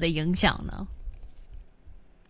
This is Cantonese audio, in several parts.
的影響呢？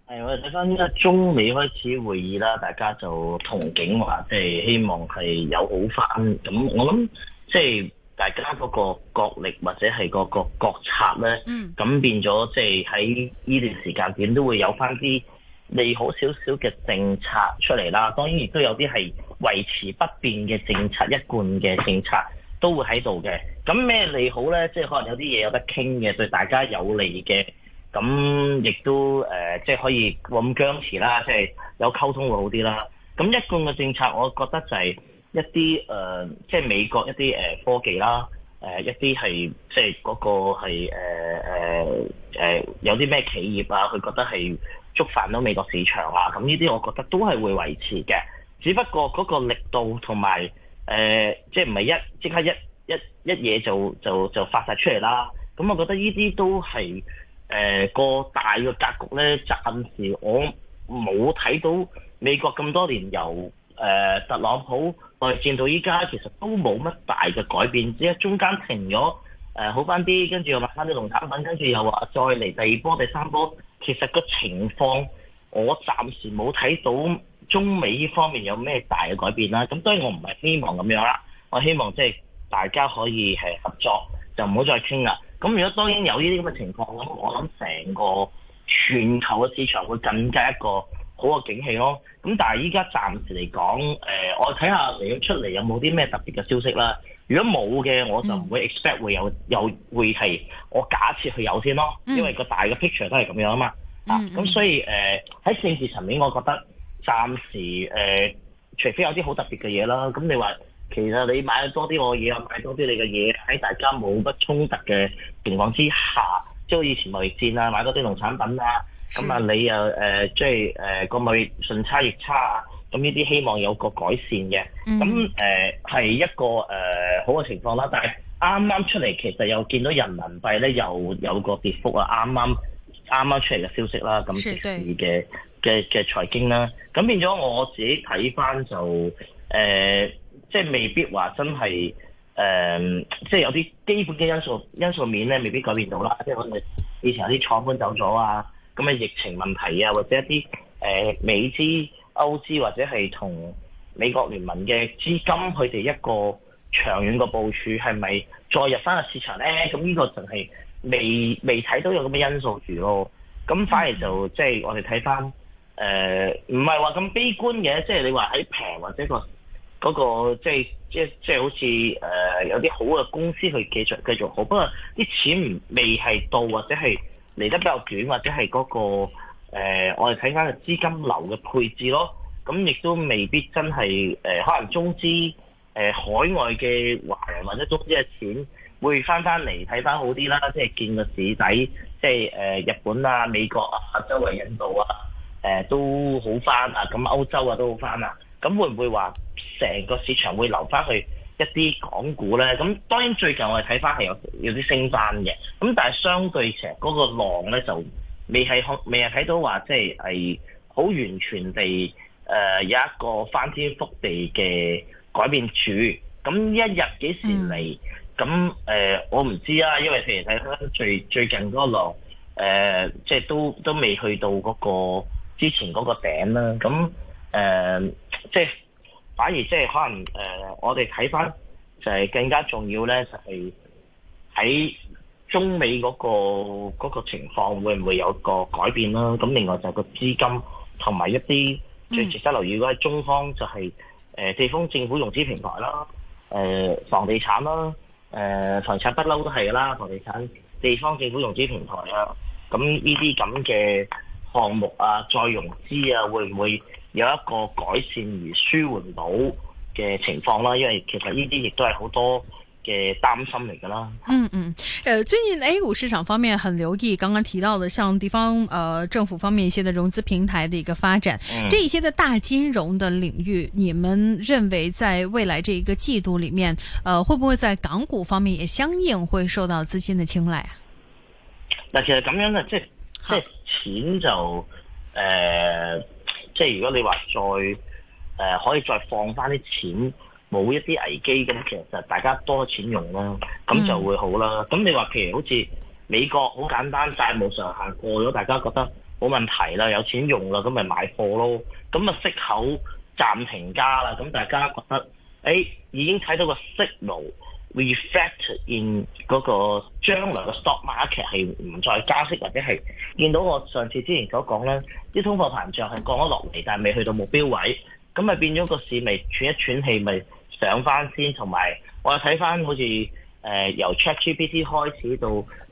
係我哋睇翻呢家中美開始會議啦，大家就同警話，即係希望係有好翻。咁我諗即係大家嗰個角力或者係個個國策咧，咁、嗯、變咗即係喺呢段時間點都會有翻啲利好少少嘅政策出嚟啦。當然亦都有啲係維持不變嘅政策，一貫嘅政策都會喺度嘅。咁咩利好咧？即係可能有啲嘢有得傾嘅，對大家有利嘅。咁亦、嗯、都誒、呃，即係可以咁僵持啦，即係有溝通會好啲啦。咁一貫嘅政策，我覺得就係一啲誒、呃，即係美國一啲誒、呃、科技啦，誒、呃、一啲係，即係嗰個係誒誒有啲咩企業啊，佢覺得係觸犯到美國市場啊。咁呢啲我覺得都係會維持嘅，只不過嗰個力度同埋誒即係唔係一即刻一一一嘢就就就發晒出嚟啦。咁我覺得呢啲都係。誒、呃個大嘅格局咧，暫時我冇睇到美國咁多年由誒、呃、特朗普內戰到依家，其實都冇乜大嘅改變，只係中間停咗誒、呃、好翻啲，跟住又買翻啲農產品，跟住又話再嚟第二波、第三波。其實個情況我暫時冇睇到中美呢方面有咩大嘅改變啦。咁當然我唔係希望咁樣啦，我希望即係大家可以係合作，就唔好再傾啦。咁如果當然有呢啲咁嘅情況，咁我諗成個全球嘅市場會更加一個好嘅景氣咯。咁但係依家暫時嚟講，誒、呃、我睇下嚟咗出嚟有冇啲咩特別嘅消息啦。如果冇嘅，我就唔會 expect 會有、嗯、有會係我假設佢有先咯。因為個大嘅 picture 都係咁樣啊嘛。啊，咁所以誒喺、呃、政治層面，我覺得暫時誒、呃，除非有啲好特別嘅嘢啦。咁你話？其實你買多啲我嘢，我買多啲你嘅嘢，喺大家冇乜衝突嘅情況之下，即係以前貿易戰啊，買多啲農產品啊咁啊，是你又誒即係誒個貿易順差逆差啊，咁呢啲希望有個改善嘅，咁誒係一個誒、呃、好嘅情況啦。但係啱啱出嚟，其實又見到人民幣咧，又有個跌幅啊！啱啱啱啱出嚟嘅消息啦，咁時事嘅嘅嘅財經啦，咁變咗我自己睇翻就、呃即係未必話真係誒、呃，即係有啲基本嘅因素因素面咧，未必改變到啦。即係我哋以前有啲廠搬走咗啊，咁嘅疫情問題啊，或者一啲誒、呃、美資、歐資或者係同美國聯盟嘅資金，佢哋一個長遠嘅部署係咪再入翻個市場咧？咁呢個就係未未睇到有咁嘅因素住咯。咁反而就即係我哋睇翻誒，唔係話咁悲觀嘅，即係你話喺平或者個。嗰、那個即係即即係好似誒、呃、有啲好嘅公司去繼續繼續好，不過啲錢唔未係到，或者係嚟得比較短，或者係嗰、那個、呃、我哋睇翻個資金流嘅配置咯。咁亦都未必真係誒、呃，可能中資誒、呃、海外嘅華人或者中資嘅錢會翻翻嚟睇翻好啲啦。即係見個市底，即係誒、呃、日本啊、美國啊、周圍印度啊誒、呃、都好翻啊，咁歐洲啊都好翻啊，咁會唔會話？成個市場會留翻去一啲港股咧，咁當然最近我哋睇翻係有有啲升翻嘅，咁但係相對成嗰個浪咧就未係未係睇到話即係係好完全地誒、呃、有一個翻天覆地嘅改變處。咁一日幾時嚟？咁誒、嗯呃、我唔知啦、啊，因為譬如睇翻最最近嗰個浪誒，即、呃、係、就是、都都未去到嗰個之前嗰個頂啦、啊。咁誒即係。呃就是反而即係可能誒、呃，我哋睇翻就係更加重要咧，就係喺中美嗰、嗰個嗰個情況會唔會有個改變啦、啊？咁另外就係個資金同埋一啲最值得留意，如果係中方就係地方政府融資平台啦，房地產啦，誒房產不嬲都係㗎啦，房地產、地方政府融資平台啊，咁呢啲咁嘅項目啊，再融資啊，會唔會？有一個改善而舒緩到嘅情況啦，因為其實呢啲亦都係好多嘅擔心嚟㗎啦。嗯嗯，誒，最近 A 股市場方面很留意，剛剛提到的，像地方呃政府方面一些的融資平台的一個發展，嗯、這一些的大金融的領域，你們認為在未來這一個季度裏面，呃會不會在港股方面也相應會受到資金的青睞啊？嗱，其實咁樣嘅，即係即係錢就誒。呵呃即係如果你話再、呃、可以再放翻啲錢，冇一啲危機咁，其實就大家多錢用啦，咁就會好啦。咁你話譬如好似美國好簡單，債務上限過咗，大家覺得冇問題啦，有錢用啦，咁咪買貨咯。咁啊息口暫停加啦，咁大家覺得誒、欸、已經睇到個息路。reflect in 嗰個將來嘅 stock market 係唔再加息，或者係見到我上次之前所講咧，啲通貨膨脹係降咗落嚟，但係未去到目標位，咁咪變咗個市咪喘一喘氣咪上翻先，同埋我又睇翻好似誒、呃、由 ChatGPT 開始到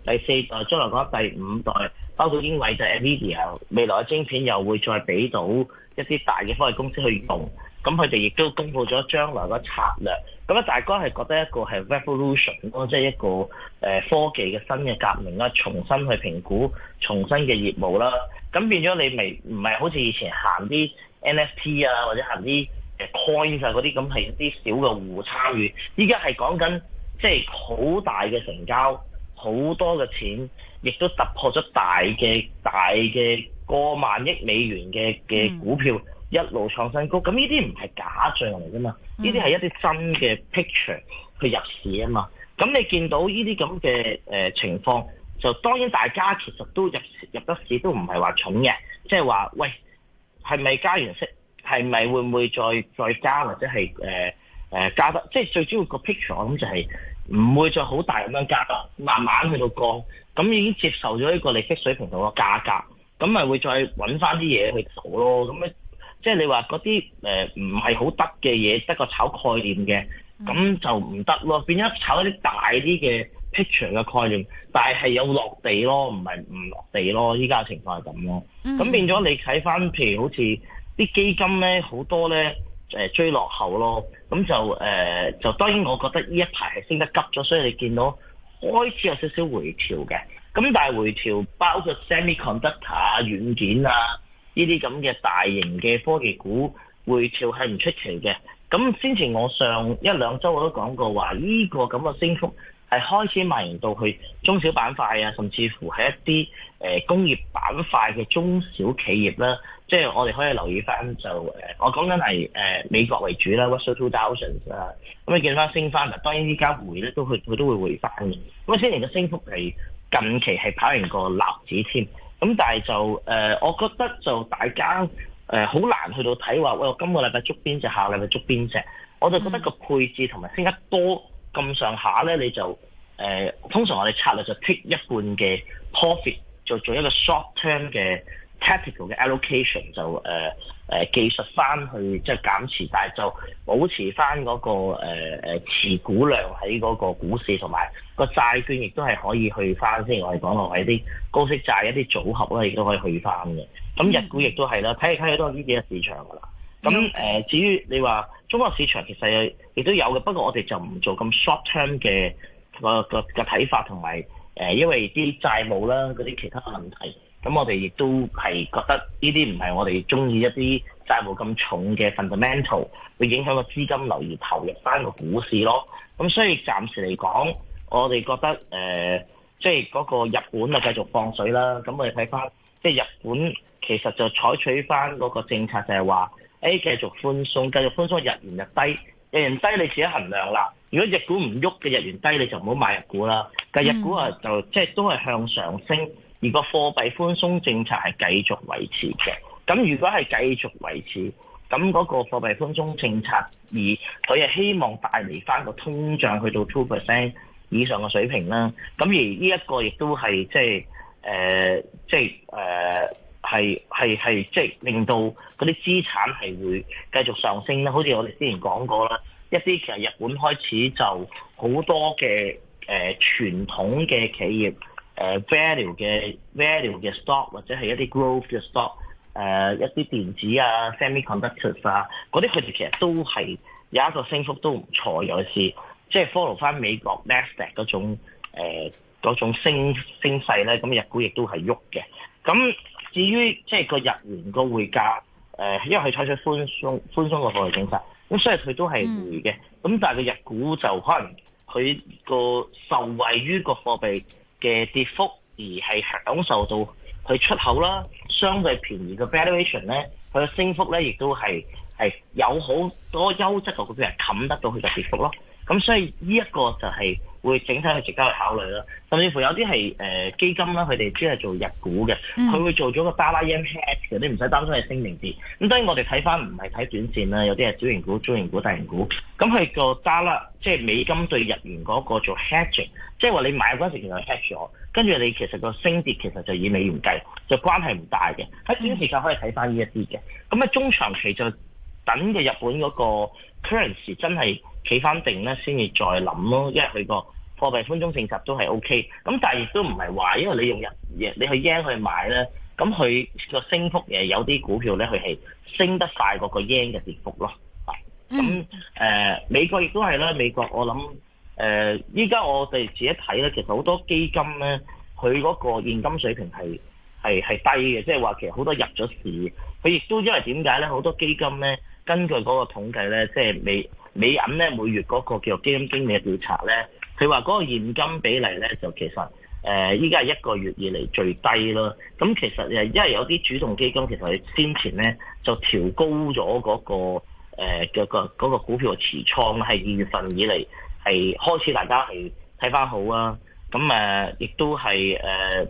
第四代，將來講第五代，包括英偉達就係 Nvidia 未來嘅晶片又會再俾到一啲大嘅科技公司去用。咁佢哋亦都公布咗將來嘅策略，咁啊，大哥係覺得一個係 revolution 囉，即係一個誒科技嘅新嘅革命啦，重新去評估、重新嘅業務啦。咁變咗你未唔係好似以前行啲 NFT 啊，或者行啲 coin 啊嗰啲咁係一啲小嘅戶參與，依家係講緊即係好大嘅成交，好多嘅錢，亦都突破咗大嘅大嘅過萬億美元嘅嘅股票。嗯一路創新高，咁呢啲唔係假象嚟㗎嘛？呢啲係一啲新嘅 picture 去入市啊嘛。咁你見到呢啲咁嘅誒情況，就當然大家其實都入入得市都唔係話重嘅，即係話喂係咪加完息，係咪會唔會再再加或者係誒誒加得即係、就係、最主要個 picture 咁就係唔會再好大咁樣加啦，慢慢去到降咁已經接受咗呢個利息水平同個價格咁，咪會再揾翻啲嘢去做咯咁。即係你話嗰啲誒唔係好得嘅嘢，得、呃、個炒概念嘅，咁就唔得咯。變咗炒一啲大啲嘅 picture 嘅概念，但係有落地咯，唔係唔落地咯。依家嘅情況係咁咯。咁、嗯嗯、變咗你睇翻，譬如好似啲基金咧，好多咧、呃、追落後咯。咁就誒、呃、就當然，我覺得呢一排係升得急咗，所以你見到開始有少少回調嘅。咁但係回調包括 semiconductor 啊、軟件啊。呢啲咁嘅大型嘅科技股回調係唔出奇嘅。咁先前我上一兩週我都講過話，呢個咁嘅升幅係開始蔓延到去中小板塊啊，甚至乎係一啲誒、呃、工業板塊嘅中小企業啦。即係我哋可以留意翻就誒，我講緊係誒美國為主啦，Russell 2000啊。咁你見翻升翻，嗱，當然依家回咧都佢佢都會回翻嘅。咁啊先前嘅升幅係近期係跑贏個納指添。咁、嗯、但係就誒、呃，我覺得就大家誒好、呃、難去到睇話、哎，我今個禮拜捉邊隻，下個禮拜捉邊隻。我就覺得個配置同埋升得多咁上下咧，你就誒、呃、通常我哋策略就 take 一半嘅 profit，就做一個 short term 嘅。tactical 嘅 allocation 就誒、呃呃、技術翻去即係減持，但係就保持翻、那、嗰個誒、呃、持股量喺嗰個股市，同埋個債券亦都係可以去翻先。我哋講落喺啲高息債一啲組合咧，亦都可以去翻嘅。咁日股亦都係啦，睇嚟睇去都係呢幾個市場噶啦。咁誒、呃，至於你話中國市場其實亦都有嘅，不過我哋就唔做咁 short term 嘅個個個睇法同埋誒，因為啲債務啦嗰啲其他問題。咁我哋亦都係覺得呢啲唔係我哋中意一啲債務咁重嘅 fundamental，會影響個資金流而投入翻個股市咯。咁所以暫時嚟講，我哋覺得誒，即係嗰個日本啊繼續放水啦。咁我哋睇翻，即係日本其實就採取翻嗰個政策，就係話誒繼續寬鬆，繼續寬鬆日元日低，日元低你自己衡量啦。如果日股唔喐嘅日元低，你就唔好買日股啦。但日股啊就即係都係向上升。而個貨幣寬鬆政策係繼續維持嘅，咁如果係繼續維持，咁嗰個貨幣寬鬆政策而佢係希望帶嚟翻個通脹去到 two percent 以上嘅水平啦。咁而呢一個亦都係即係誒，即係誒，係係係即係令到嗰啲資產係會繼續上升啦。好似我哋之前講過啦，一啲其實日本開始就好多嘅誒、呃、傳統嘅企業。誒 value 嘅 value 嘅 stock 或者係一啲 growth 嘅 stock，誒、呃、一啲電子啊、semiconductor 啊，嗰啲佢哋其實都係有一個升幅都唔錯，尤其是即係 follow 翻美國 Nasdaq 嗰種誒嗰、呃、升升勢咧，咁日股亦都係喐嘅。咁至於即係個日元個匯價，誒、呃、因為佢採取寬鬆寬鬆嘅貨幣政策，咁所以佢都係會嘅。咁、嗯、但係個日股就可能佢個受惠於個貨幣嘅跌幅，而係享受到佢出口啦，相對便宜嘅 valuation 咧，佢嘅升幅咧，亦都係係有好多優質嘅股票係冚得到佢嘅跌幅咯。咁所以呢一個就係、是。會整體去值得去考慮咯，甚至乎有啲係誒基金啦，佢哋只係做日股嘅，佢、嗯、會做咗個揸拉 yen hedge 嘅，你唔使擔心係升定跌。咁當然我哋睇翻唔係睇短線啦，有啲係小型股、中型股、大型股，咁佢個揸拉，即係美金對日元嗰個做 hedging，即係話你買嗰陣時原來 hedge 咗，跟住你其實個升跌其實就以美元計，就關係唔大嘅。喺短時間可以睇翻呢一啲嘅，咁咧中長期就等嘅日本嗰個 currency 真係。企翻定咧，先至再諗咯。因為佢個貨幣寬鬆性質都係 O K。咁但係亦都唔係話，因為你用日嘢，你去 yen 去買咧，咁佢個升幅嘅有啲股票咧，佢係升得快過個 yen 嘅跌幅咯。咁誒、嗯，美國亦都係啦。美國我諗誒，依家我哋自己睇咧，其實好多基金咧，佢嗰個現金水平係係係低嘅，即係話其實好多入咗市。佢亦都因為點解咧？好多基金咧，根據嗰個統計咧，即係美。美銀咧每月嗰個叫做基金經理嘅調查咧，佢話嗰個現金比例咧就其實誒依家係一個月以嚟最低咯。咁其實誒因為有啲主動基金其實佢先前咧就調高咗嗰、嗰個誒嗰、呃嗰個嗰個、股票嘅持倉，係二月份以嚟係開始大家係睇翻好啊。咁誒亦都係誒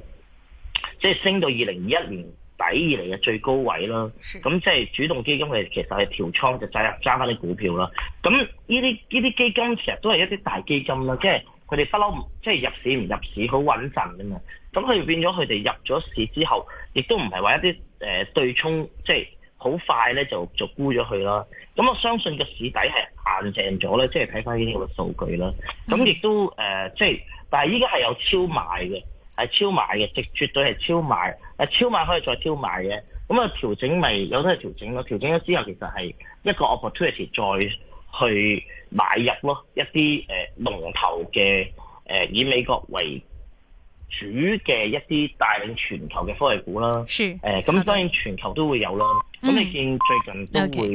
即係升到二零二一年底以嚟嘅最高位啦，咁即係主動基金佢其實係調倉就再入揸翻啲股票啦。咁呢啲呢啲基金其實都係一啲大基金啦，即係佢哋不嬲，即係入市唔入市好穩陣嘅嘛。咁佢變咗佢哋入咗市之後，亦都唔係話一啲誒、呃、對沖，即係好快咧就就沽咗佢啦。咁我相信個市底係硬淨咗咧，即係睇翻呢啲個數據啦。咁亦都誒，即、呃、係、即係、但係依家係有超買嘅，係超買嘅，直絕對係超買。誒超買可以再超買嘅，咁啊調整咪有得係調整咯，調整咗，就是，之後其實係一個 opportunity 再去買入咯，一啲誒龍頭嘅誒、呃、以美國為主嘅一啲帶領全球嘅科技股啦。係。咁、呃、當然全球都會有啦，咁、嗯、你見最近都會。Okay.